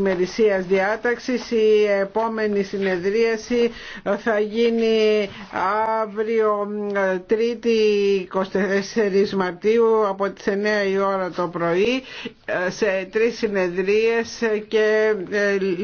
ημερησίας διάταξης. Η επόμενη συνεδρίαση θα γίνει αύριο 3η ε, 24 Μαρτίου από τις 9 η ώρα το πρωί ε, σε τρεις συνεδρίες και ε,